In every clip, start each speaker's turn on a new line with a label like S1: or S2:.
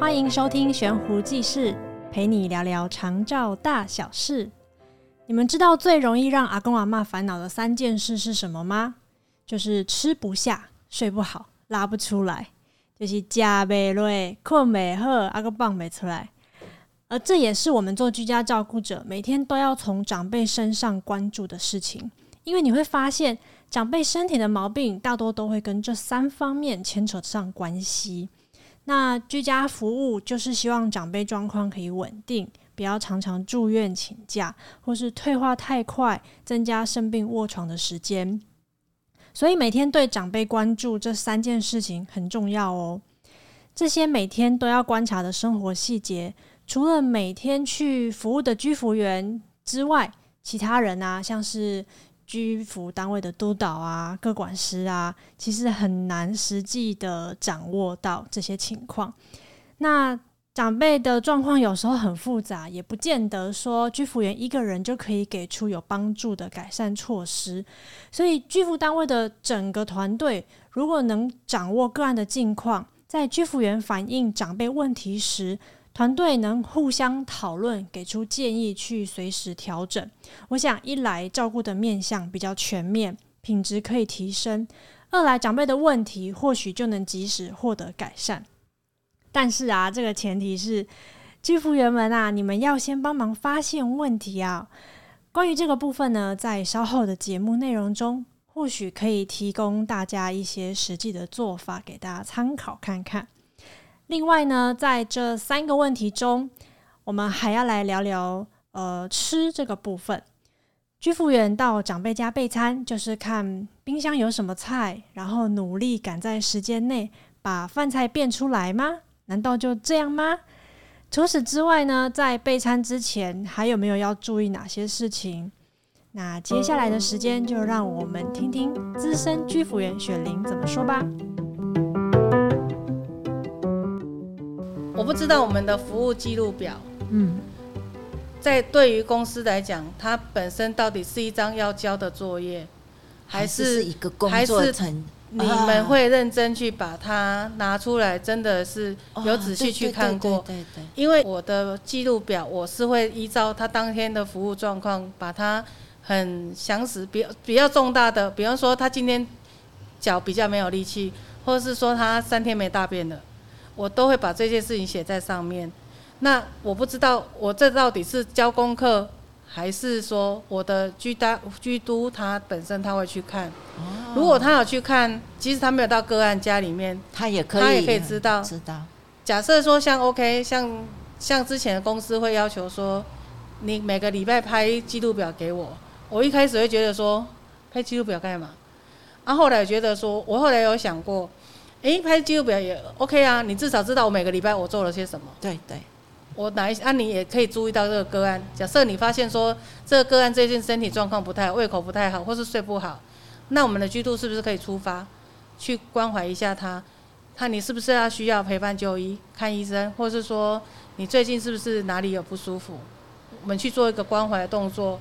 S1: 歡迎收聽《懸壺記事》，陪你聊聊長照大小事。你們知道最容易讓阿公阿嬤煩惱的三件事是什麼嗎？就是吃不下、睡不好、拉不出來，就是家沒累、困沒喝、阿個棒沒出來。而這也是我們做居家照顧者每天都要從長輩身上關注的事情，因為你會發現，長輩身體的毛病大多都會跟這三方面牽扯上關係。那居家服務就是希望長輩狀況可以穩定，不要常常住院請假，或是退化太快，增加生病臥床的時間。所以每天對長輩關注這三件事情很重要哦。這些每天都要觀察的生活細節，除了每天去服務的居服員之外，其他人啊，像是。居服單位的督導啊，個管師啊，其實很難實際的掌握到這些情況。那長輩的狀況有時候很複雜，也不見得說居服員一個人就可以給出有幫助的改善措施。所以居服單位的整個團隊，如果能掌握個案的近況，在居服員反映長輩問題時，團隊能互相討論，給出建議，去隨時調整。我想，一來照顧的面向比較全面，品質可以提升；二來長輩的問題或許就能及時獲得改善。但是啊，這個前提是，居服員們啊，你們要先幫忙發現問題啊。關於這個部分呢，在稍後的節目內容中，或許可以提供大家一些實際的做法，給大家參考看看。另外呢，在這三個問題中，我們還要來聊聊呃，吃這個部分。居服員到長輩家備餐，就是看冰箱有什麼菜，然後努力趕在時間內把飯菜變出來嗎？難道就這樣嗎？除此之外呢，在備餐之前還有沒有要注意哪些事情？那接下來的時間就讓我們聽聽資深居服員雪玲怎麼說吧。我不知道我們的服務記
S2: 錄表，嗯，在對於公司來講，它本身到底是一張要交的作業，還是一個工作程？
S3: 你們會
S2: 認真去把它拿出來，真的是有仔細去看過。對對。因為我的記錄表，我是會依照他當天的服務狀況，把它很詳實，比比較重大的，比方說他今天腳比較沒有力氣，或者是說他三天沒大便的。我都會把這件事情寫在上面。那我不知道我這到底是交功課，還是說我的居大居督他本身他會去看。哦，如果他要去看，即使他沒有到個案家裡面，
S3: 他也可以，他也可以知道。
S2: 知道。假設說像 OK，像像之前的公司會要求說，你每個禮拜拍記錄表給我。我一開始會覺得說，拍記錄表幹嘛？啊，後來覺得說，我後來有想過。哎、欸，拍記錄表也 OK 啊，你至少知道我每個禮拜我做了些什麼。對對，我哪一啊，你也可以注意到這個個案。假設你發現說這個個案最近身體狀況不太好，胃口不太好，或是睡不好，那我們的居服是不是可以出發去關懷一下他？看你是不是要需要陪伴就醫、看醫生，或是說你最近是不是哪裡有不舒服？我們去做一個關懷的動作。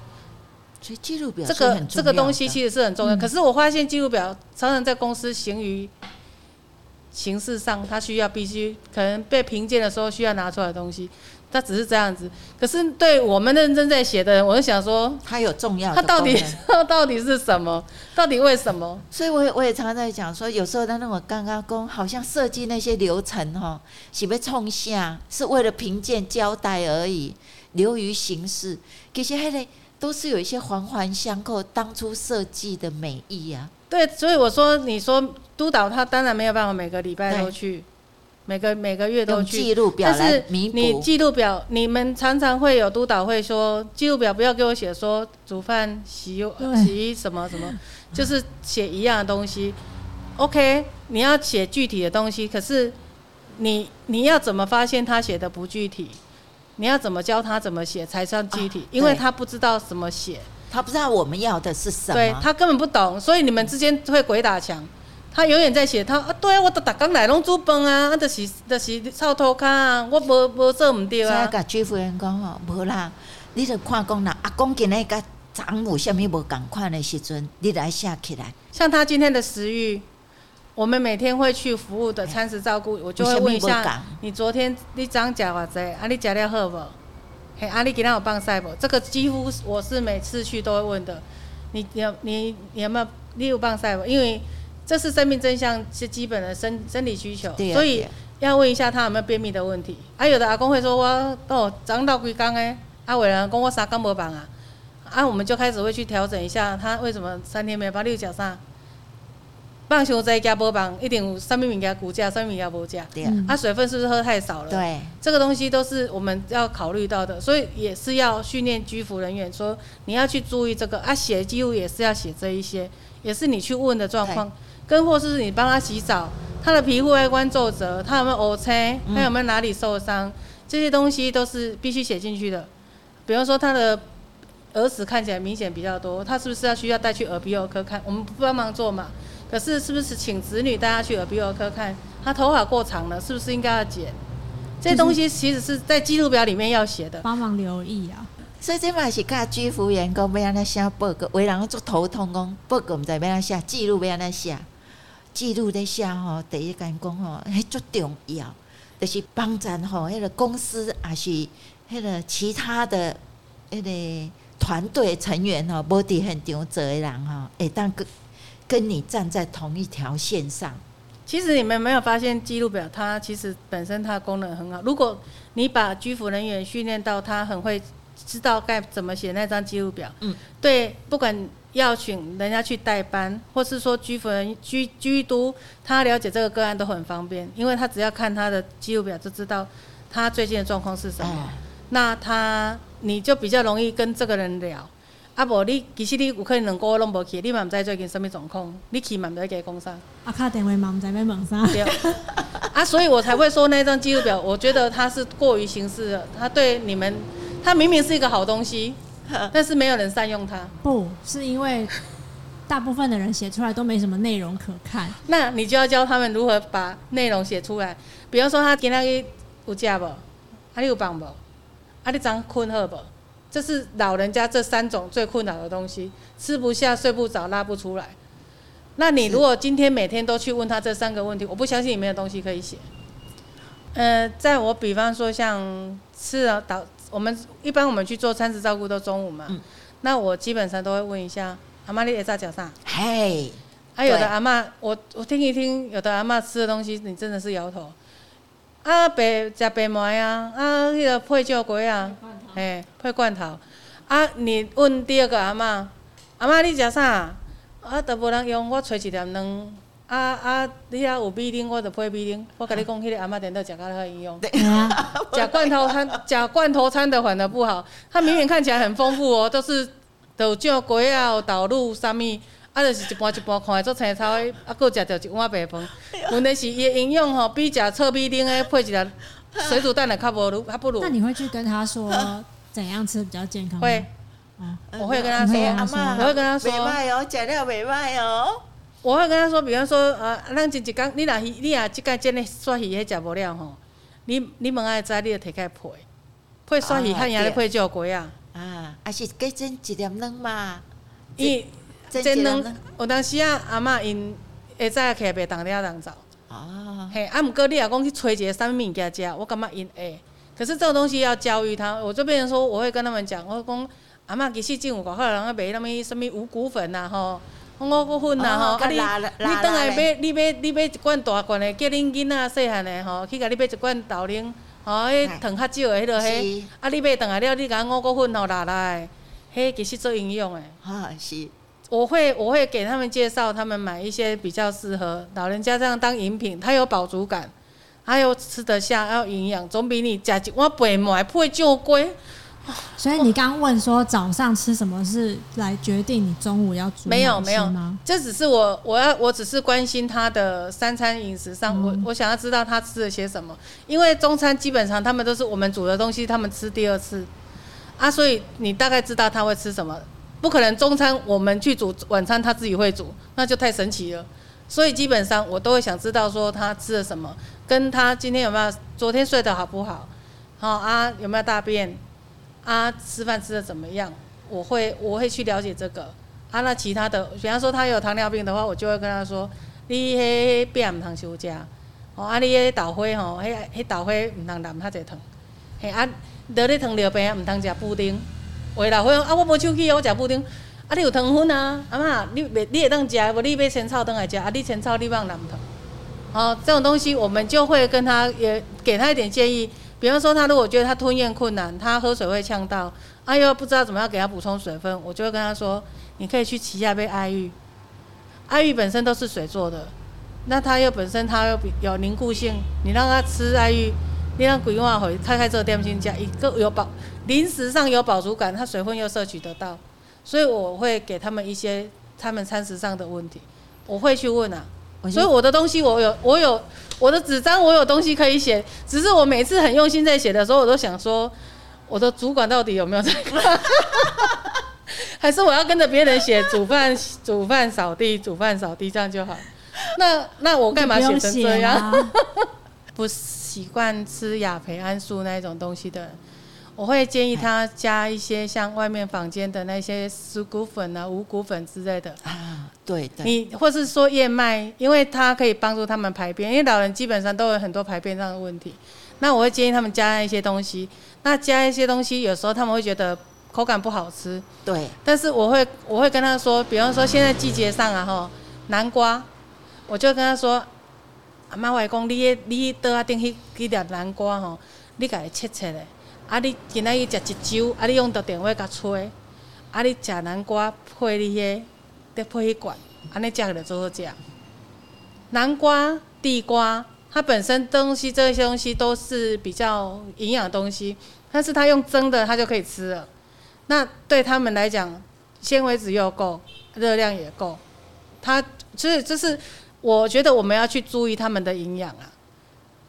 S2: 所以記錄表這個很重要的這個東西其實是很重要的，嗯。可是我發現記錄表常常在公司行於。形式上，他需要必須可能被評鑑的時候需要拿出來的東西，他只是這樣子。可是對我們認真在寫的人，我就想說，他有重要的。他到底、
S3: 他到底是什麼？到底為什麼？所以我也，我我也常常在講說，有時候他那麼剛剛工，好像設計那些流程哈、喔，是被衝下是為了評鑑交代而已，流於形式？其實，還得都是有一些環環相扣，當初設計的美意啊。對，所以我說，你說督導他當然
S2: 沒有辦法每個禮拜都去，每個每個月都去。用記錄表來彌補。但是你記錄表，你們常常會有督導會說，記錄表不要給我寫說煮飯、洗洗什麼什麼，就是寫一樣的東西。 OK，你要寫具體的東西，可是你你要怎麼發現他寫的不具體？你要怎麼教他怎麼寫才算具體啊？因為他不知道怎麼寫。
S3: 他不知道我們要的是什麼，對，他
S2: 根本不懂，所以你們之間會鬼打牆。他永遠在寫他啊，
S3: 對我都逐工來攏煮飯啊，阿的洗阿的洗臭拖卡啊，我無無做唔對啊。再、就、講、是，居服員講哦，無、啊、啦，你得看工人阿公今日甲中母什麼無仝款，看的時陣你來下起來。像他今天的食欲，我們每天
S2: 會去服務的餐食照顧、欸，我就會問一下你昨天你昨食偌濟，啊你食了好無？阿姨今仔日有放屎無？這個幾乎我是每次去都會問的。你有你你，你有沒有？你有放屎無？因為這是生命徵象，是基本的生生理需求，所以要問一下他有沒有便秘的問題。啊，有的阿公會說：我哦，長到潰瘍誒。”阿偉啊，公我三工無放啊？啊，我們就開始會去調整一下他為什麼三天沒有排六角砂。棒球在加波棒一點五三米米他估價，三米加波價。他、嗯啊、水分是不是喝太少了？對，這個東西都是我們要考慮到的，所以也是要訓練居服人員說，你要去注意這個。啊，寫記錄也是要寫這一些，也是你去問的狀況。跟或是你幫他洗澡，他的皮膚外觀皺褶，他有沒有烏青，他有沒有哪裡受傷、嗯，這些東西都是必須寫進去的。比如說他的耳屎看起來明顯比較多，他是不是要需要帶去耳鼻喉科看？我們不幫忙做嘛。可是，是不是請子女帶他去耳鼻喉科看？他頭髮過長了，是不是應該要剪？這東西其實是在記錄表
S1: 裡面要寫的，幫忙留意啊。
S3: 所以這嘛是靠居服員講，不要那下報告，為人做頭痛工？報告不知在，不要那下記錄，不要那下記錄在下吼。第一根工吼，嘿，足重要，就是幫咱吼，迄個公司還是迄個其他的迄個團隊成員吼，保持很負責的人吼，會當個跟你站在同一條線上。其
S2: 實你們沒有發現，記錄表它其實本身它的功能很好。如果你把居服人員訓練到他很會知道該怎麼寫那張記錄表，嗯，對，不管要請人家去代班，或是說居服人居居督他了解這個個案都很方便，因為他只要看他的記錄表就知道他最近的狀況是什麼，哦。那他你就比較容易跟這個人聊。阿、啊、無，你其實你有可能兩個月攏無去，你嘛唔知最近什麼狀況，你去嘛唔得給講啥。
S1: 啊。敲電話嘛唔知欲問啥。對。
S2: 啊，所以我才會說那張記錄表，我覺得它是過於形式了。他對你們，他明明是一個好東西， 但是沒有人善用它。
S1: 不是因為大部分的人寫出來都沒什麼內容可看。
S2: 那你就要教他們如何把內容寫出來。比方說，他今天有食無？阿你有放無？啊，你昨困、啊、好無？這是老人家這三種最困擾的東西：吃不下、睡不着、拉不出來。那你如果今天每天都去問他這三個問題，我不相信你沒有東西可以寫。呃，在我比方說像吃啊到，我們一般我們去做餐食照顧到中午嘛，嗯，那我基本上都會問一下阿嬤，你也在腳上？嘿、
S3: hey, 啊，還有的阿
S2: 嬤，我我聽一聽，有的阿嬤吃的東西，你真的是搖頭。啊白吃白麥呀，啊那個配椒啊。啊嘿，配罐頭。啊，你阮第二個阿媽，阿媽你食啥？啊，都無人用。我揣一粒卵，啊啊，你遐有米丁，我者配米丁，我甲你講，迄、啊那個阿媽點都食甲，來喝營養。食、啊、罐頭餐，食 罐頭餐都反而不好。他明明看起來很豐富哦，都是著有醬啊，有導路、啥物啊，著是一般一般看來做青草，啊，閣食到一碗白飯、哎。問題是，伊營養吼比食臭米丁來配一粒，水煮蛋的靠不,、啊、不那你會去跟他說怎樣吃比較健康？啊、會，我會跟他說、啊，阿、啊、媽、啊啊啊啊啊，我會跟他說，袂歹哦，
S3: 材料袂歹哦。
S2: 我會跟他說，比方說，呃、啊，咱今只講，你若是你啊只該真哩抓魚，還食不了吼。你你問阿仔，你就提開陪，會抓魚，漢伢會做粿啊。啊，還是該真一點冷嘛？煎一真冷，我當時啊，阿媽因一早起來被凍掉凍走。哦，嘿，啊，毋過你阿講去找一個啥物物件食，我感覺因會。可是這種東西要教育他，我這邊人說我會跟他們講，我講阿嬤其實就有外口人啊買啥物，啥物五谷粉啊，吼，五谷粉啊，吼、哦啊，啊你辣辣你倒來買辣辣你買你買一罐大罐的叫恁囝仔細漢的吼，去甲你買一罐豆奶，吼、啊，迄糖較少的迄、那個迄、哎、啊，啊你買回來了，你講五谷粉吼拉來迄嘿，其實做營養的，哈、哦、是。我會我會給他們介紹，他們買一些比較適合老人家這樣當飲品，它有飽足感，他又吃得下，還有營養，總比你假我白買會
S1: 舊貴。所以你剛問說早上吃什麼，是來決定你中午要煮什麼？沒有，沒有，
S2: 這只是我我要我只是關心他的三餐飲食上，嗯、我我想要知道他吃了些什麼，因為中餐基本上他們都是我們煮的東西，他們吃第二次啊，所以你大概知道他會吃什麼。不可能，中餐我們去煮，晚餐，他自己會煮，那就太神奇了。所以基本上我都會想知道說他吃了什麼，跟他今天有沒有昨天睡得好不好，好啊，有沒有大便啊，吃飯吃的怎麼樣，我會我會去了解這個。啊那其他的，比方說他有糖尿病的話，我就會跟他說，你黑變唔當休假，哦、啊，你黑豆花吼嘿黑豆花唔當飲哈蔗糖，嘿啊得了糖尿病唔當食布丁。回來，會啊！我無出去。哦，我食布丁。啊，你有糖分啊？阿媽，你你會當食，無你買千草當來食。啊，你千草你莫含糖。好，這種東西我們就會跟他也給他一點建議。比方說，他如果覺得他吞嚥困難，他喝水會嗆到，哎、啊、又不知道怎麼樣給他補充水分，我就會跟他說，你可以去吃下杯愛玉。愛玉本身都是水做的，那它又本身它又比有凝固性，你讓他吃愛玉。你讓規劃回，開開這個點心架，一個有保，臨時上有飽足感，它水分又攝取得到，所以我會給他們一些他們餐食上的問題，我會去問啊。所以我的東西我有，我有我的紙張，我有東西可以寫，只是我每次很用心在寫的時候，我都想說，我的主管到底有沒有在？ 還是我要跟着別人寫煮飯、煮飯、掃地、煮飯、掃地這樣就好？那那我干嘛寫成這樣？ 不習慣吃亞培安素那種東西的，我會建議他加一些像外面坊間的那些十穀粉啊、五谷粉之類的啊，
S3: 對的。你或
S2: 是說燕麥，因為它可以幫助他們排便，因為老人基本上都有很多排便上的問題。那我會建議他們加一些東西，那加一些東西，有時候他們會覺得口感不好吃，對。但是我會我會跟他說，比方說現在季節上啊，哈，南瓜，我就跟他說。阿媽話講，你誒，你迄桌仔頂迄迄粒南瓜吼，你家己切切咧。啊，你今仔去食一酒，啊，你用着電話甲吹。啊，你食南瓜配你迄、那個，得配迄罐，安尼食着就好食。南瓜、地瓜，它本身東西這些東西都是比較營養的東西，但是它用蒸的，它就可以吃了。那對他們來講，纖維質又夠，熱量也夠。它所以這是。我覺得我們要去注意他們的營養啊，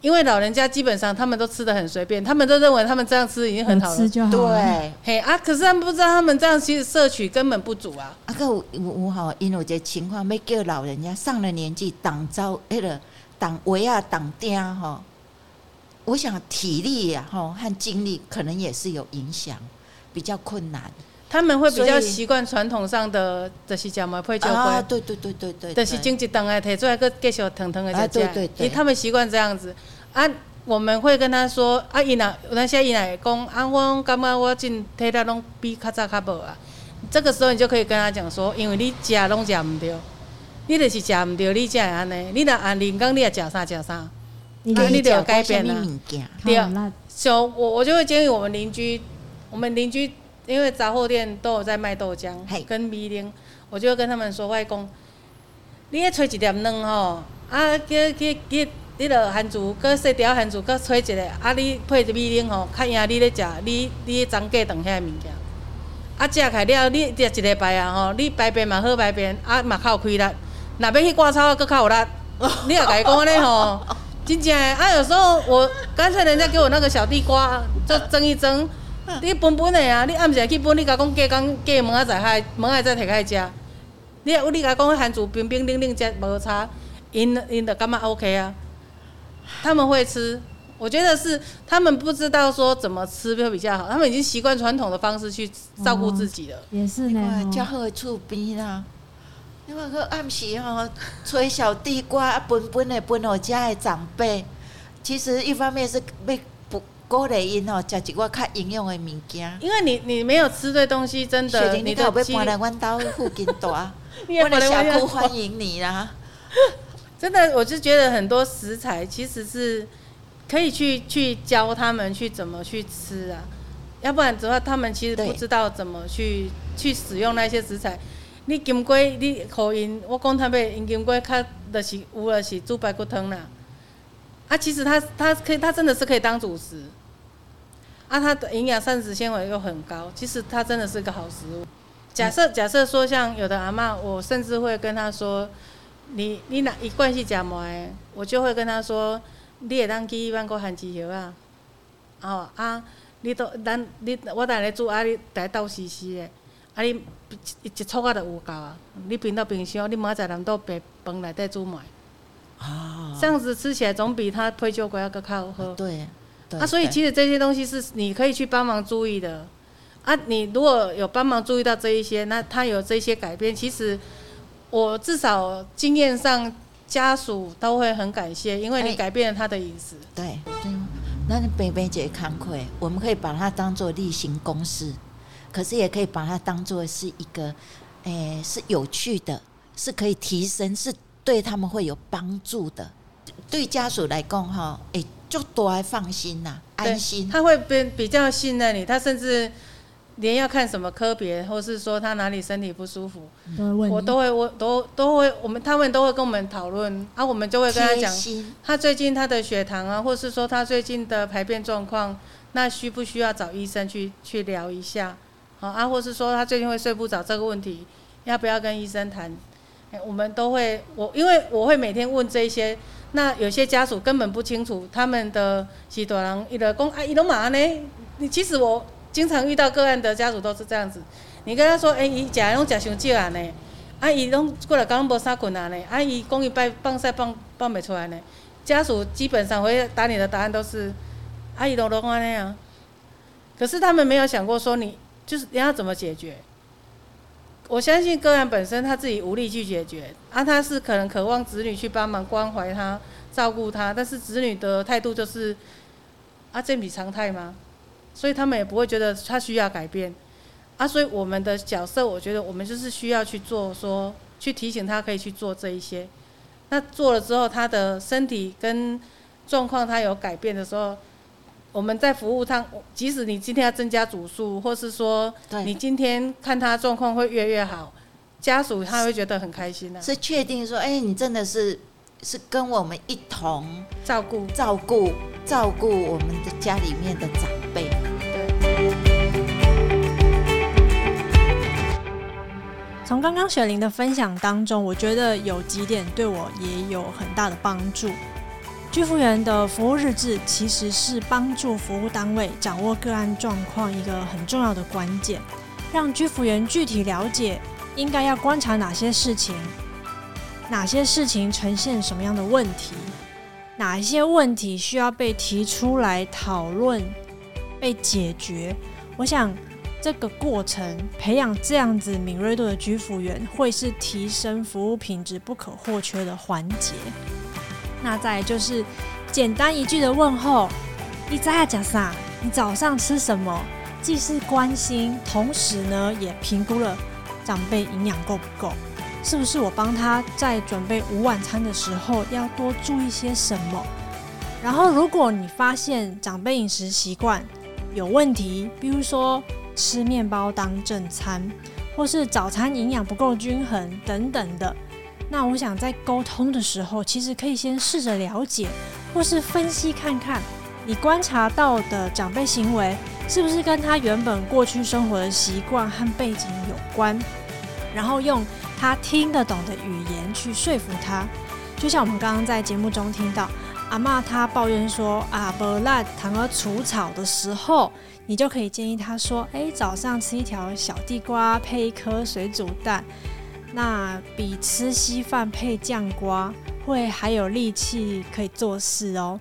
S2: 因為老人家基本上他們都吃得很隨便，他們都認為他們這樣吃已經很好吃了，對，
S3: 對，嘿啊，可是他們不知道他們這樣其實攝取根本不足啊。啊，哥，我我哈，因為這情況，每個老人家上了年紀，擋招哎了，擋圍啊，擋爹哈，我想體力哈、啊、和精力可能也是有影響，比較困難。
S2: 他們會比較習慣傳統上的，就是食糜配教花，啊，
S3: 對對對對對，就是整
S2: 一頓的摕出來閣繼續騰騰的食，啊。對，因他們習慣這樣子。啊，我們會跟他說，阿姨呢，那些若，伊若會講，啊，我感覺我進，體他攏比較早較無啊。這個時候你就可以跟他講說，因為你食攏食毋着，你著是食毋着，你才會安尼。你若按人工你也食啥食啥，你著要改變啊。對二，嗯，所以我我就會建議我們鄰居，我們鄰居。因為雜貨店都有在賣豆漿，跟米零， 我就跟他們說：“外公，你去炊一點卵吼，啊，叫去去，你落番薯，擱細條番薯，擱炊一個啊，你配一米零吼，較贏你咧食，你你長個長遐物件。啊，食樣開了，你食一禮拜啊吼，你排便嘛好排便，啊嘛較有規律，若欲去割草啊，擱較有力。 你也家己講安尼吼，真正。啊，有時候我乾脆人家給我那個小地瓜，再蒸一蒸。”你本本的啊，你暗時去本，你甲講嫁講嫁門仔再海，門再摕提來食。你你甲講講番薯冰冰涼涼食，無差，因因 i 感覺 OK 啊？他們會吃，我覺得是他們不知道說怎麼吃會比較好，他們已經習慣傳統的方式去照顧自己了。哦、
S3: 也是呢。較好厝邊啦，因為說暗時吼，催小地瓜，本本的本哦，家的長輩，其實一方面是欲。過來因哦，就是我較營養的物
S2: 件。因為你你沒有吃對東西，真的，你到別搬來搬到附近住啊！因為寶來我 我歡迎你
S3: 啦。
S2: 真的，我就覺得很多食材其實是可以去去教他們去怎麼去吃啊，要不然的話，他們其實不知道怎麼去去使用那些食材。你金龜，你口音我講他們，因金龜它的是無論是豬排骨湯啦。啊，其實它它可以，它真的是可以當主食。啊，它的營養、膳食纖維又很高，其實它真的是個好食物。假設假設說，像有的阿嬤，我甚至會跟她說：“你你拿一罐去吃糜，我就會跟她說你也當去萬個番薯葉啊。”哦啊，你都咱你我等下煮啊，你茶倒稀稀的，啊你一一撮啊，都有夠啊。你平到平常，你明仔在南別白飯內底煮糜啊，這樣子吃起來總比它配酒鬼那個較好喝，啊。對。啊，所以其實這些東西是你可以去幫忙注意的，啊，你如果有幫忙注意到這一些，那他有這些改變，其實我至少經驗上家屬都會很感謝，
S3: 因為你改變了他的飲食，欸。對，那你邊姐看開，我們可以把它當做例行公事，可是也可以把它當做是一個，誒、欸，是有趣的，是可以提升，是對他們會有幫助的，對家屬來講，哈、欸，誒。就多愛放心吶，安心。他會比比較信
S2: 任你，他甚至連要看什麼科別，或是說他哪裡身體不舒服，嗯，我都會問，都都會我們他們都會跟我們討論啊，我們就會跟他講，他最近他的血糖啊，或是說他最近的排便狀況，那需不需要找醫生去去聊一下？好啊，或是說他最近會睡不着這個問題，要不要跟醫生談？我們都會，我因為我會每天問這一些。那有些家屬根本不清楚他們的許多人，伊直講啊，伊儂嘛呢？你其實我經常遇到個案的家屬都是這樣子，你跟他說，哎、欸，伊食攏食傷少啊呢，啊，伊攏過來講無啥困難呢，啊，伊講伊排放曬，放放袂出來呢，家屬基本上回答你的答案都是，阿姨儂都講那樣，可是他們沒有想過說你就是你要怎麼解決。我相信個案本身他自己無力去解決，啊，他是可能渴望子女去幫忙關懷他、照顧他，但是子女的態度就是啊，這比常態嗎？所以他們也不會覺得他需要改變，啊，所以我們的角色，我覺得我們就是需要去做說，說去提醒他可以去做這一些，那做了之後，他的身體跟狀況他有改變的時候。我們在服務上，即使你今天要增加組數，或是說你今天看他狀況會越來越好，家
S3: 屬他會覺得很開心的、啊。是確定說，哎、欸，你真的是是跟我們一同照顧照顧照顧我們的家裡面的長輩。對。
S1: 從剛剛雪玲的分享當中，我覺得有幾點對我也有很大的幫助。居服員的服務日誌其實是幫助服務單位掌握個案狀況一個很重要的關鍵，讓居服員具體了解應該要觀察哪些事情，哪些事情呈現什麼樣的問題，哪一些問題需要被提出來討論、被解決。我想這個過程培養這樣子敏銳度的居服員，會是提升服務品質不可或缺的環節。那再就是簡單一句的問候，伊扎加薩，你早上吃什麼？既是關心，同時呢也評估了長輩營養夠不夠，是不是我幫他在準備午晚餐的時候要多注意些什麼？然後如果你發現長輩飲食習慣有問題，比如說吃麵包當正餐，或是早餐營養不夠均衡等等的。那我想在溝通的時候，其實可以先試着了解，或是分析看看，你觀察到的長輩行為是不是跟他原本過去生活的習慣和背景有關，然後用他聽得懂的語言去說服他。就像我們剛剛在節目中聽到，阿嬤她抱怨說啊，伯拉堂而除草的時候，你就可以建議他說，誒，早上吃一條小地瓜配一顆水煮蛋。那比吃稀飯配醬瓜會還有力氣可以做事哦。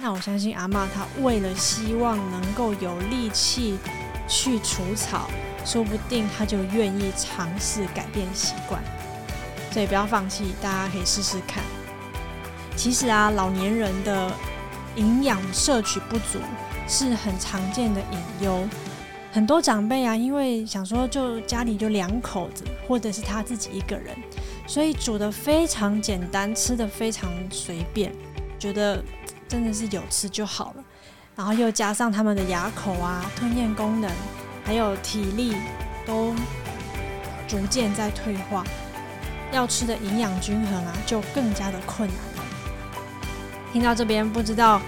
S1: 那我相信阿嬤她為了希望能夠有力氣去除草，說不定她就願意嘗試改變習慣。所以不要放棄，大家可以試試看。其實啊，老年人的營養攝取不足是很常見的隱憂。很多長輩啊，因為想說就家裡就兩口子，或者是他自己一個人，所以煮的非常簡單，吃的非常隨便，覺得真的是有吃就好了。然後又加上他們的牙口啊、吞嚥功能，還有體力都逐漸在退化，要吃的營養均衡啊，就更加的困難。聽到這邊不知道。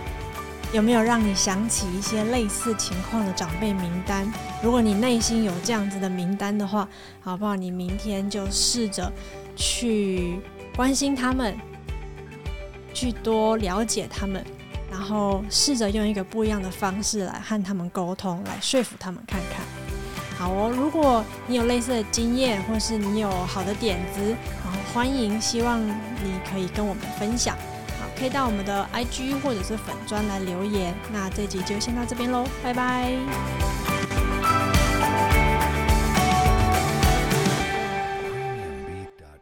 S1: 有沒有讓你想起一些類似情況的長輩名單？如果你內心有這樣子的名單的話，好不好？你明天就試着去關心他們，去多了解他們，然後試着用一個不一樣的方式來和他們溝通，來說服他們看看。好哦，如果你有類似的經驗，或是你有好的點子，然後歡迎，希望你可以跟我們分享。可以到我們的 IG 或者是粉專來留言。那這集就先到這邊嘍，拜拜。